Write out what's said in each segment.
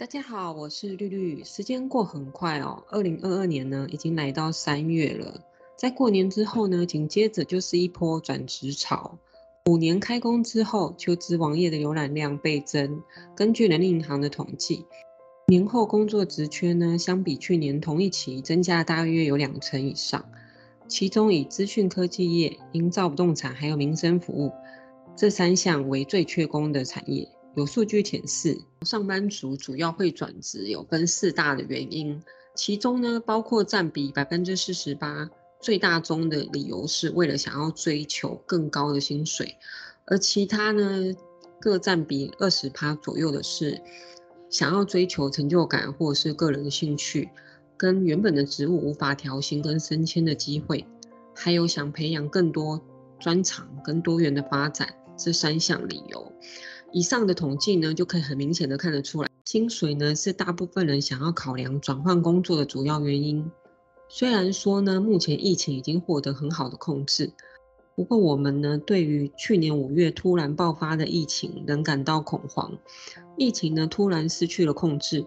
大家好，我是綠綠。時間過很快哦，二零二二年呢已經來到三月了。在過年之後呢，緊接着就是一波轉職潮。五年開工之後，求職網頁的瀏覽量倍增。根據人力銀行的統計，年後工作職缺呢，相比去年同一期增加大約有兩成以上。其中以資訊科技業、營造不動產還有民生服務這三項為最缺工的產業。有數據顯示，上班族主要會轉職，有分四大的原因，其中呢包括佔比百分之四十八，最大宗的理由是為了想要追求更高的薪水，而其他呢各佔比二十趴左右的是想要追求成就感或是個人的興趣，跟原本的職務無法調薪跟升遷的機會，還有想培養更多專長跟多元的發展這三項理由。以上的統計呢，就可以很明顯的看得出來，薪水呢是大部分人想要考量轉換工作的主要原因。雖然說呢，目前疫情已經獲得很好的控制，不過我們呢對於去年五月突然爆發的疫情仍感到恐慌。疫情呢突然失去了控制，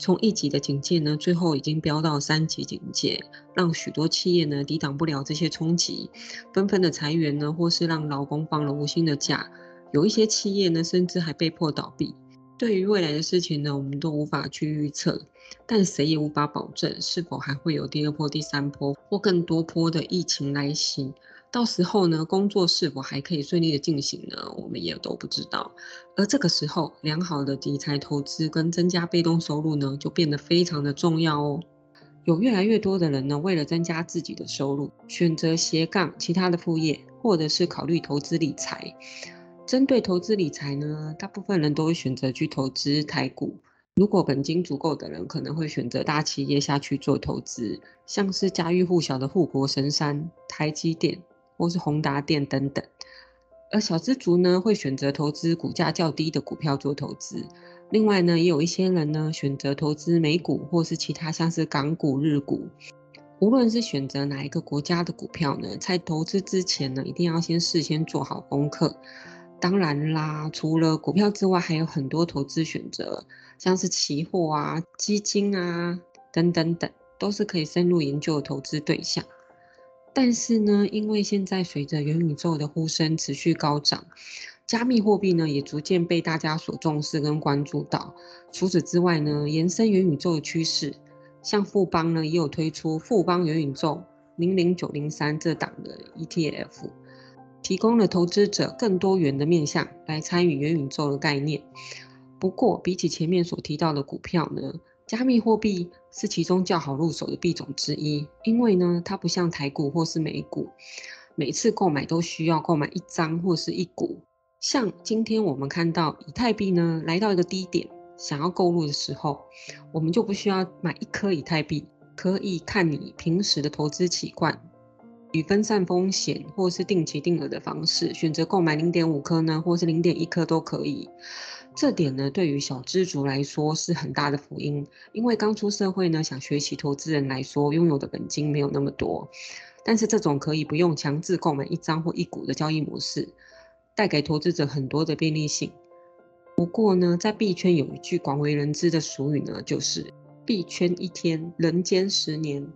從一級的警戒呢最後已經飆到三級警戒，讓許多企業呢抵擋不了這些衝擊，紛紛的裁員呢或是讓勞工放了無薪的假。有一些企業呢，甚至還被迫倒閉。對於未來的事情呢，我們都無法去預測，但誰也無法保證是否還會有第二波、第三波或更多波的疫情來襲。到時候呢，工作是否還可以順利的進行呢？我們也都不知道。而這個時候，良好的理財投資跟增加被動收入呢，就變得非常的重要哦。有越來越多的人呢，為了增加自己的收入，選擇斜槓其他的副業，或者是考慮投資理財。針對投資理財呢，大部分人都會選擇去投資台股。如果本金足夠的人，可能會選擇大企業下去做投資，像是家喻戶曉的護國神山、台積電或是宏達電等等。而小資族呢，會選擇投資股價較低的股票做投資。另外呢，也有一些人呢選擇投資美股或是其他像是港股、日股。無論是選擇哪一個國家的股票呢，在投資之前呢，一定要先事先做好功課。當然啦，除了股票之外，還有很多投資選擇，像是期貨啊、基金啊等等等，都是可以深入研究的投資對象。但是呢，因為現在隨着元宇宙的呼聲持續高漲，加密貨幣呢也逐漸被大家所重視跟關注到。除此之外呢，延伸元宇宙的趨勢，像富邦呢也有推出富邦元宇宙00903這檔的 ETF。提供了投資者更多元的面向來參與元宇宙的概念。不過，比起前面所提到的股票呢，加密貨幣是其中較好入手的幣種之一，因為呢，它不像台股或是美股，每次購買都需要購買一張或是一股。像今天我們看到以太幣呢來到一個低點，想要購入的時候，我們就不需要買一顆以太幣，可以看你平時的投資習慣。以分散風險或是定期定額的方式選擇購買零點五顆呢，或是零點一顆都可以。這點呢，對於小資族來說是很大的福音，因為剛出社會呢，想學習投資人來說，擁有的本金沒有那麼多。但是這種可以不用強制購買一張或一股的交易模式，帶給投資者很多的便利性。不過呢，在幣圈有一句廣為人知的俗語呢，就是“幣圈一天，人間十年”。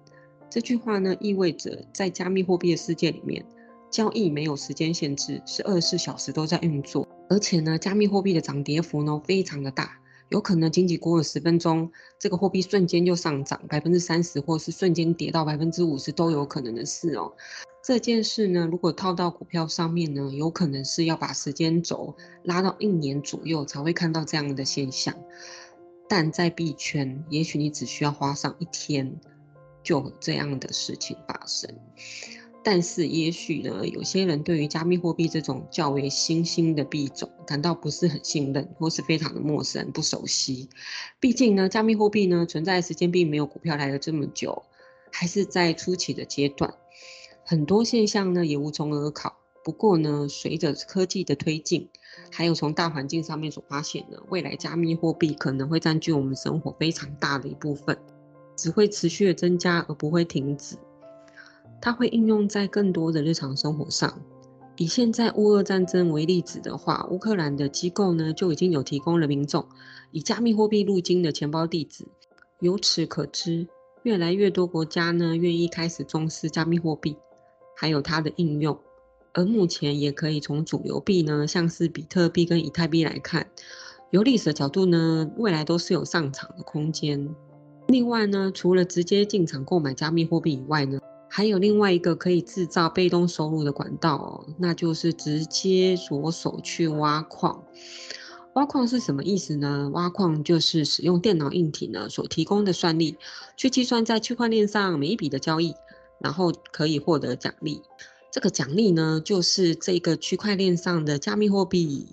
這句話呢，意味着在加密貨幣的世界裡面，交易沒有時間限制，是二十四小時都在運作。而且呢，加密貨幣的漲跌幅呢，非常的大，有可能僅僅過了十分鐘，這個貨幣瞬間就上漲百分之三十，或是瞬間跌到百分之五十都有可能的事哦。這件事呢，如果套到股票上面呢，有可能是要把時間軸拉到一年左右才會看到這樣的現象。但在幣圈，也許你只需要花上一天。就這樣的事情發生，但是也許呢，有些人對於加密貨幣這種較為新興的幣種感到不是很信任，或是非常的陌生、不熟悉。畢竟呢，加密貨幣呢存在的時間並沒有股票來得這麼久，還是在初期的階段，很多現象呢也無從而考。不過呢，隨着科技的推進，還有從大環境上面所發現的，未來加密貨幣可能會佔據我們生活非常大的一部分。只會持續的增加而不會停止，它會應用在更多的日常生活上。以現在烏俄戰爭為例子的話，烏克蘭的機構呢就已經有提供了民眾以加密貨幣入金的錢包地址。由此可知，越來越多國家呢願意開始重視加密貨幣，還有它的應用。而目前也可以從主流幣呢，像是比特幣跟以太幣來看，由歷史的角度呢，未來都是有上漲的空間。另外呢，除了直接進場購買加密貨幣以外呢，還有另外一個可以製造被動收入的管道哦，那就是直接着手去挖礦。挖礦是什麼意思呢？挖礦就是使用電腦硬體呢所提供的算力，去計算在區塊鏈上每一筆的交易，然後可以獲得獎勵。這個獎勵呢，就是這個區塊鏈上的加密貨幣。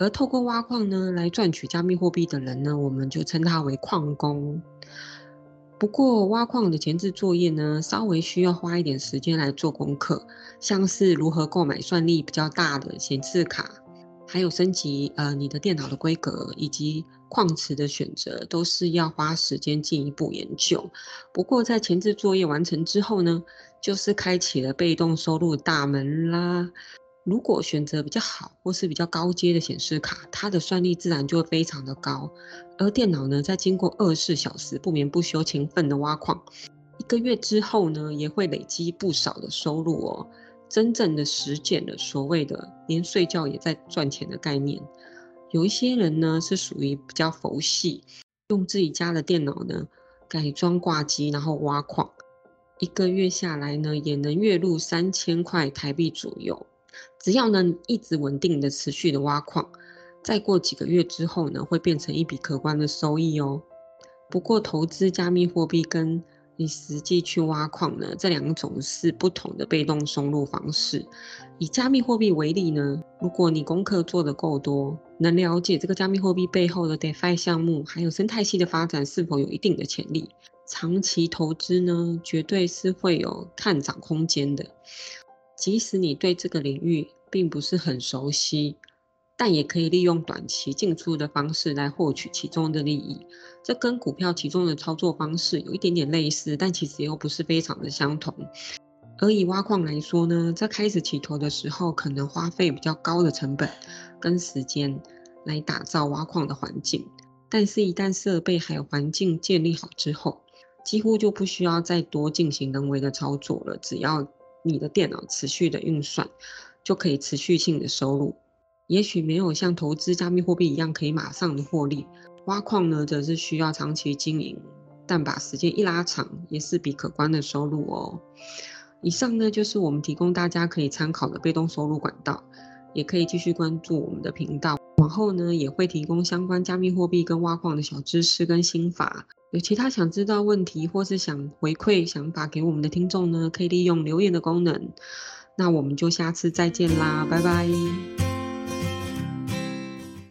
而透過挖礦呢來賺取加密貨幣的人呢，我們就稱他為礦工。不過，挖礦的前置作業呢，稍微需要花一點時間來做功課，像是如何購買算力比較大的顯示卡，還有升級呃你的電腦的規格，以及礦池的選擇，都是要花時間進一步研究。不過，在前置作業完成之後呢，就是開啟了被動收入大門啦。如果選擇比較好或是比較高階的顯示卡，它的算力自然就會非常的高。而電腦呢，在經過二十四小時不眠不休勤奮的挖礦，一個月之後呢，也會累積不少的收入哦。真正的實踐了所謂的連睡覺也在賺錢的概念。有一些人呢，是屬於比較佛系，用自己家的電腦呢改裝掛機，然後挖礦，一個月下來呢，也能月入三千塊台幣左右。只要能一直穩定的持續的挖礦，再過幾個月之後呢，會變成一筆可觀的收益哦。不過，投資加密貨幣跟你實際去挖礦呢，這兩種是不同的被動收入方式。以加密貨幣為例呢，如果你功課做得夠多，能了解這個加密貨幣背後的 DeFi 項目，還有生態系的發展是否有一定的潛力，長期投資呢，絕對是會有看漲空間的。即使你對這個領域並不是很熟悉，但也可以利用短期進出的方式來獲取其中的利益。這跟股票其中的操作方式有一點點類似，但其實又不是非常的相同。而以挖礦來說呢，在開始起頭的時候，可能花費比較高的成本跟時間來打造挖礦的環境。但是，一旦設備還有環境建立好之後，幾乎就不需要再多進行人為的操作了，只要。你的電腦持續的運算，就可以持續性的收入。也許沒有像投資加密貨幣一樣可以馬上的獲利，挖礦呢則是需要長期經營，但把時間一拉長，也是筆可觀的收入哦。以上呢就是我們提供大家可以參考的被動收入管道，也可以繼續關注我們的頻道。然後呢，也會提供相關加密貨幣跟挖礦的小知識跟心法。有其他想知道問題或是想回饋想法給我們的聽眾呢，可以利用留言的功能。那我們就下次再見啦，拜拜。